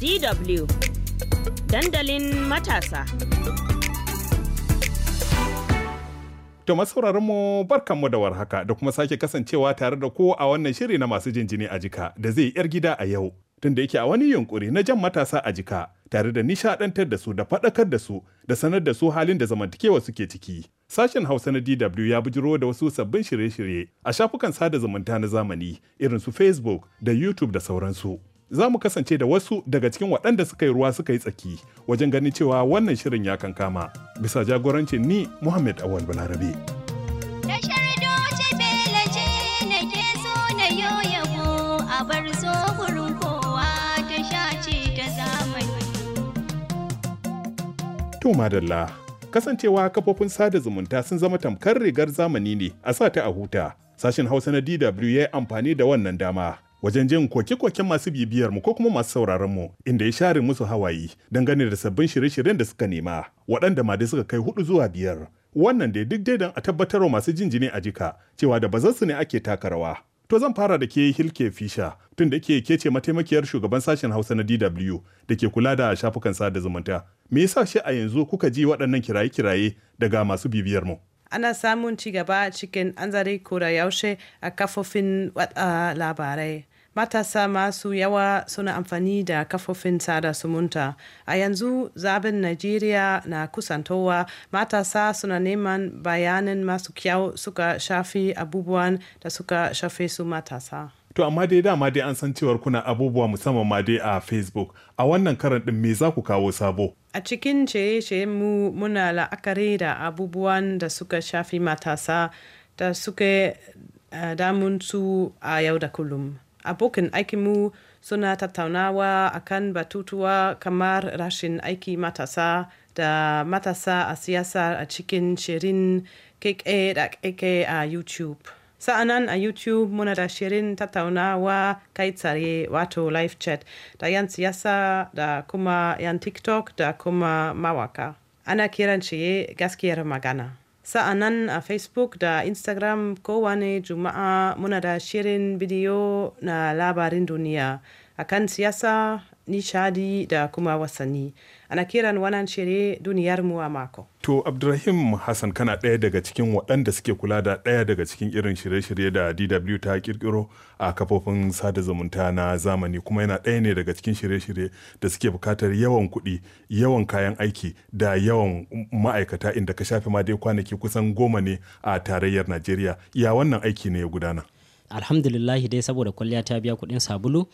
DW dandalin matasa. To masauraran mu barkan mu da warhaka da kuma sake kasancewa tare da ko a wannan shiri na masu jinjini a jika da zai yar gida a yau. Tunda yake a wani yunkuri na jan matasa a jika tare da nishadantar da su da faɗakar da su da sanar da su halin da zamantakewa suke ciki. Sashen Hausa na DW ya bujiro da wasu sabbin shirye-shirye a shafukan sada zumunta na zamani irin su Facebook da YouTube da sauransu. za mu kasance da wasu daga cikin waɗanda suka yi ruwa suka yi tsaki wajen ganin cewa wannan shirin ya kankama bisa jagoranci ni Muhammad Awal Balarabe. To madalla, kasancewa kafofin sada zumunta sun zama tamkar rigar zamani ne a sa ta a huta. Sashen Hausa na DW ya yi amfani da wannan dama wajen jin koke-koken masu bibiyar mu ko kuma masu sauraron mu inda ya share musu hawaye dangane da sabbin shirye-shiryen da suka nema waɗanda ma dai suka kai hudu zuwa biyar wannan dai duk daidan a tabbatar wa masu jin jini a jika cewa da bazansu ne ake taka rawa to zan fara da ke hilke fisha tun da ke kece mataimakiyar shugaban sashen hausa na dw da ke kula da shafukan sada zumunta me yasa shi a yanzu kuka ji waɗannan kiraye-kiraye daga masu bibiyar mu ana samun ci gaba cikin an ko da yaushe a kafofin labarai matasa masu yawa suna amfani da kafofin sada sumunta a yanzu zaben najeriya na kusantowa matasa suna neman bayanin masu kyau suka shafi abubuwan da suka shafe su matasa to amma dai dama dai an san cewar kuna abubuwa musamman ma dai a facebook a wannan karan din me za ku kawo sabo a cikin ciye mu muna la'akari da abubuwan da suka shafi matasa da suke eh, damunsu a yau da kullum abokan aikinmu suna tattaunawa akan batutuwa kamar rashin aiki matasa da matasa a siyasa a cikin shirin keke da keke a YouTube. Sa'anan a YouTube muna da shirin tattaunawa kai tsare wato live chat da 'yan siyasa da kuma 'yan TikTok da kuma mawaka. Ana kiran shi gaskiyar magana. sa'annan a facebook da instagram kowane juma'a muna da shirin bidiyo na labarin duniya akan siyasa nishadi da kuma wasanni ana kiran wannan shirye mu a mako to abdurrahim hassan kana daya daga cikin waɗanda suke kula da ɗaya daga cikin irin shirye-shirye da dw ta kirkiro a kafofin sada zumunta na zamani kuma yana ɗaya ne daga cikin shirye-shirye da suke bukatar yawan kuɗi yawan kayan aiki da yawan ma'aikata inda ka shafe ma dai kwanaki kusan goma ne a tarayyar najeriya ya wannan aiki ne ya gudana alhamdulillahi dai saboda kwalliya ta biya kuɗin sabulu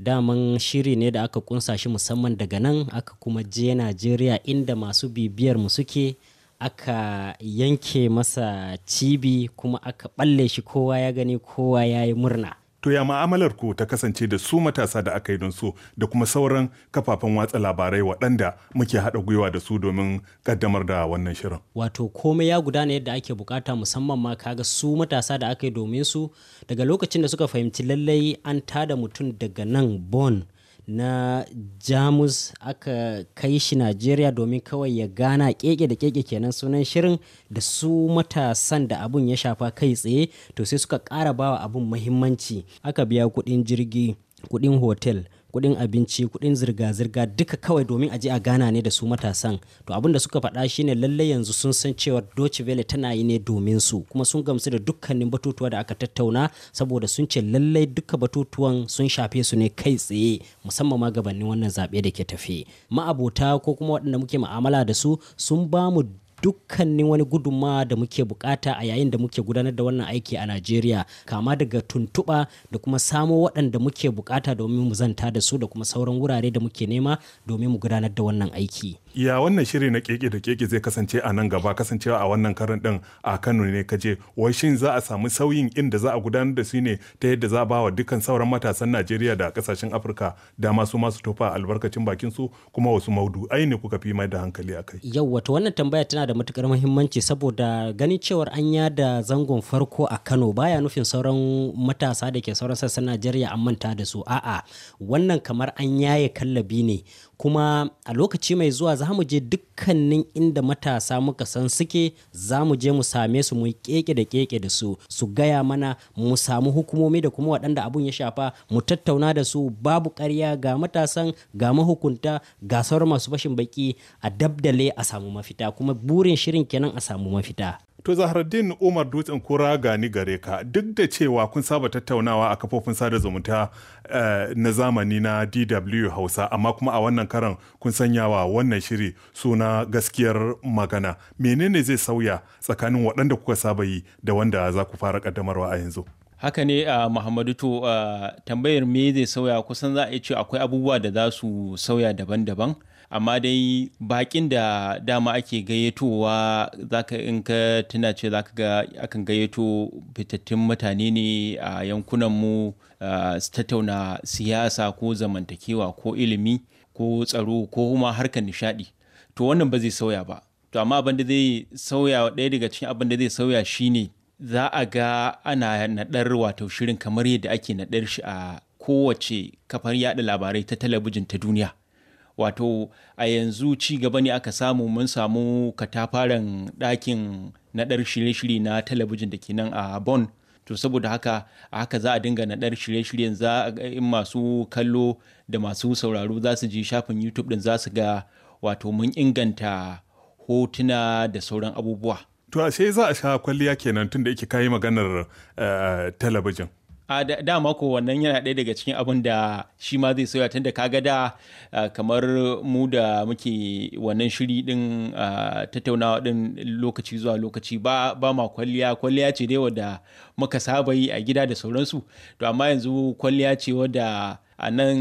daman shiri ne da aka kunsa shi musamman daga nan aka kuma je najeriya inda masu bibiyar mu suke aka yanke masa cibi kuma aka balle shi kowa ya gani kowa ya yi murna To ya ma'amalar ku ta kasance da su matasa da aka yi don su da kuma sauran kafafen watsa labarai waɗanda muke haɗa gwiwa da su domin ƙaddamar da wannan shirin. Wato komai ya gudana yadda ake bukata musamman ma kaga su matasa da aka yi domin su daga lokacin da suka fahimci lallai an tada mutum daga nan bon na jamus aka kai shi najeriya domin kawai ya gana keke da keke kenan sunan shirin da su matasan da abun ya shafa kai tsaye to sai suka ƙara bawa abun muhimmanci aka biya kuɗin jirgi kuɗin hotel kuɗin abinci kuɗin zirga-zirga duka kawai domin a je a gana ne da su matasan to abin da suka faɗa shine lallai yanzu sun san cewa Deutsche Welle tana yi ne domin su kuma sun gamsu da dukkanin batutuwa da aka tattauna saboda sun ce lallai duka batutuwan sun shafe su ne kai tsaye musamman ma gabanin wannan zaɓe da ke tafe ma'abota ko kuma waɗanda muke mu'amala da su sun ba mu dukkanin wani gudunmawa da muke bukata a yayin da muke gudanar da wannan aiki a Najeriya kama daga tuntuɓa da kuma samo waɗanda muke bukata domin mu zanta da su da kuma sauran wurare da muke nema domin mu gudanar da wannan aiki. ya wannan shiri na keke da keke zai kasance a nan gaba kasancewa a wannan karin din a kano ne kaje je wai shin za a samu sauyin inda za a gudanar da su ne ta yadda za a ba wa dukkan sauran matasan najeriya da kasashen afirka dama su masu tofa albarkacin bakin su kuma wasu maudu ai ne kuka fi mai da hankali a kai yau wato wannan tambaya tana da matukar muhimmanci saboda ganin cewar an ya da zangon farko a kano baya nufin sauran matasa da ke sauran sassan najeriya an manta da su a'a wannan kamar an yaye kallabi ne kuma a lokaci mai zuwa za mu je dukkanin inda matasa muka san suke za mu je mu same su mu keke da keke da su su gaya mana mu samu hukumomi da kuma waɗanda abun ya shafa mu tattauna da su babu ƙarya ga matasan ga mahukunta ga sauran masu bashin baki a dabdale a samu mafita kuma burin shirin kenan a samu mafita To Zahraddin Umar Dutsen kura gani gare ka duk da cewa kun saba tattaunawa a kafofin sada zumunta eh, na zamani na DW Hausa amma kuma a wannan karan kun sanya wa wannan shiri suna gaskiyar magana menene zai sauya tsakanin waɗanda kuka saba yi da wanda za ku fara ƙaddamarwa a yanzu. haka ne a eh, muhammadu to eh, tambayar me zai sauya kusan za a iya ce akwai abubuwa da za su sauya daban-daban amma dai bakin da dama ake gayyatowa zaka in ka tuna ce zaka ga akan gayyato fitattun mutane ne a yankunan mu su tattauna siyasa ko zamantakewa ko ilimi ko tsaro ko kuma harkar nishadi to wannan ba zai sauya ba to amma abin da zai sauya ɗaya daga cikin abin da zai sauya shine za a ga ana naɗar wato shirin kamar yadda ake naɗar shi a kowace kafar yada labarai ta talabijin ta duniya wato a yanzu ci gaba ne aka samu mun samu katafaren ɗakin naɗar shirye-shirye na talabijin da ke nan a Bon. To saboda haka a haka za a dinga naɗar shirye-shiryen za in masu kallo da masu sauraro za su ji shafin YouTube din za su ga wato mun inganta hotuna da sauran abubuwa. To a sai za a sha kwalliya kenan tun da yake kayi maganar eh, talabijin. a da mako wannan yana ɗaya daga cikin abin da shi ma zai soya tun da kaga da kamar mu da muke wannan shiri din tattaunawa din lokaci zuwa lokaci ba ba ma kwalliya kwalliya ce dai wadda muka saba yi a gida da sauransu to amma yanzu kwalliya ce wadda a nan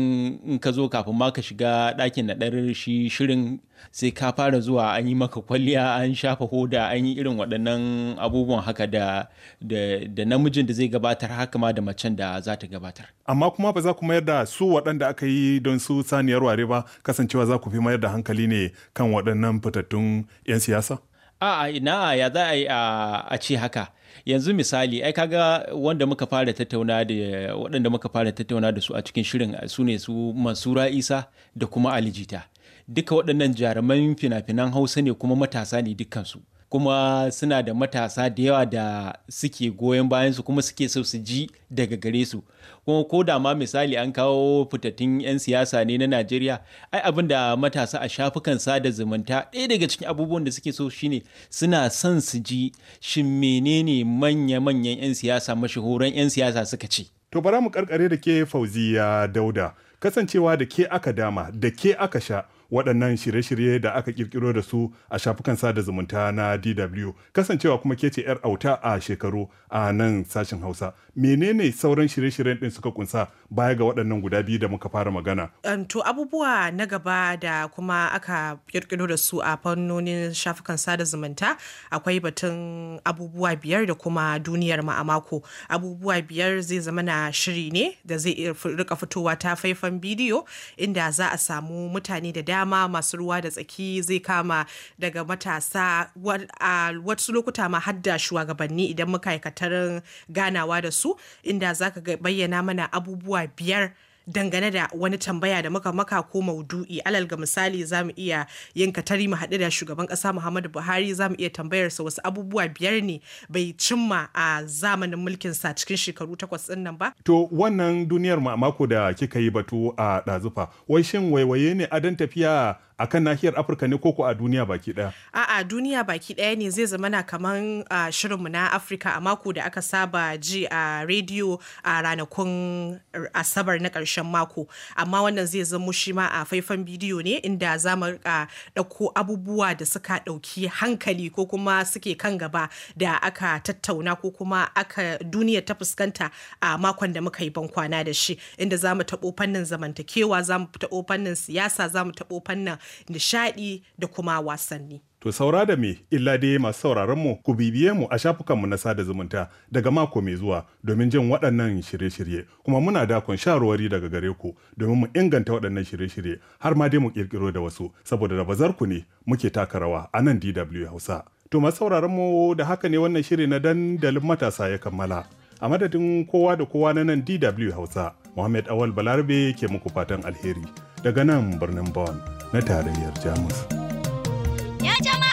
in ka zo kafin ma ka shiga ɗakin na shi shirin sai ka fara zuwa an yi maka kwalliya an shafa hoda an yi irin waɗannan abubuwan haka da, da, namijin da zai gabatar haka ma da macen da za ta gabatar. Amma kuma ba za ku mayar da su waɗanda aka yi don su saniyar ware ba kasancewa za ku fi mayar da hankali ne kan waɗannan fitattun 'yan siyasa? A'a ina ya za a yi a ce haka. yanzu misali ai kaga wanda muka fara tattauna da waɗanda muka fara tattauna da su a cikin shirin su ne su Mansura Isa da kuma Alijita duka waɗannan jaruman fina-finan Hausa ne kuma matasa ne dukkansu. su kuma suna da matasa da yawa da suke goyon bayan su kuma suke so su ji daga gare su kuma ko da ma misali an kawo fitattun 'yan siyasa ne na najeriya ai abin da matasa a shafukan sada zumunta ɗaya daga cikin abubuwan da suke so shine suna son su ji shin menene manya-manyan 'yan siyasa mashahuran 'yan siyasa suka ce to bara mu karkare da ke fauziya dauda kasancewa da ke aka dama da ke aka sha waɗannan shirye-shirye da aka kirkiro da su a shafukan sada zumunta na DW kasancewa kuma ke ce 'yar auta a shekaru a nan sashen Hausa menene sauran shirye-shiryen din suka kunsa baya ga waɗannan guda biyu da muka fara magana to abubuwa na gaba da kuma aka kirkiro da su a fannonin shafukan sada zumunta akwai batun abubuwa biyar da kuma duniyar ma a mako abubuwa biyar zai zama na shiri ne da zai rika fitowa ta faifan bidiyo inda za a samu mutane da dama dama masu ruwa da tsaki zai kama daga matasa a wasu lokuta ma hadda shugabanni idan muka aikatarin ganawa da su inda za ka bayyana mana abubuwa biyar dangane da wani tambaya da muka maka ko maudu'i alal ga misali za mu iya yanka tari mu haɗu da shugaban ƙasa muhammadu buhari za mu iya sa wasu abubuwa biyar ne bai cimma a zamanin mulkin sa cikin shekaru takwas ɗin nan ba. to wannan duniyar mako da kika yi batu a ɗazufa wai shin waiwaye ne adon tafiya a kan nahiyar afirka ne koko a duniya baki daya a'a duniya baki daya ne zai zama na kaman shirinmu na afirka a mako da aka saba ji a rediyo a ranakun asabar na karshen mako amma wannan zai zama shi ma a faifan bidiyo ne inda za mu ɗauko abubuwa da suka ɗauki hankali ko kuma suke kan gaba da aka tattauna ko kuma aka duniya ta fuskanta a makon da muka yi ban kwana da shi inda za mu taɓo fannin zamantakewa za mu taɓo fannin siyasa za mu taɓo fannin nishaɗi da kuma wasanni. To saura da me illa dai masu sauraron mu ku bibiye mu a shafukanmu na sada zumunta daga mako mai zuwa domin jin waɗannan shirye-shirye kuma muna dakon shawarwari daga gare ku domin mu inganta waɗannan shirye-shirye har ma dai mu kirkiro da wasu saboda da bazar ku ne muke taka rawa a nan DW Hausa. To masu sauraron mu da haka ne wannan shiri na dandalin matasa ya kammala. A madadin kowa da kowa na nan DW Hausa, Muhammad Awal Balarabe ke muku fatan alheri daga nan birnin Bonn. na tarayyar jamus ya jama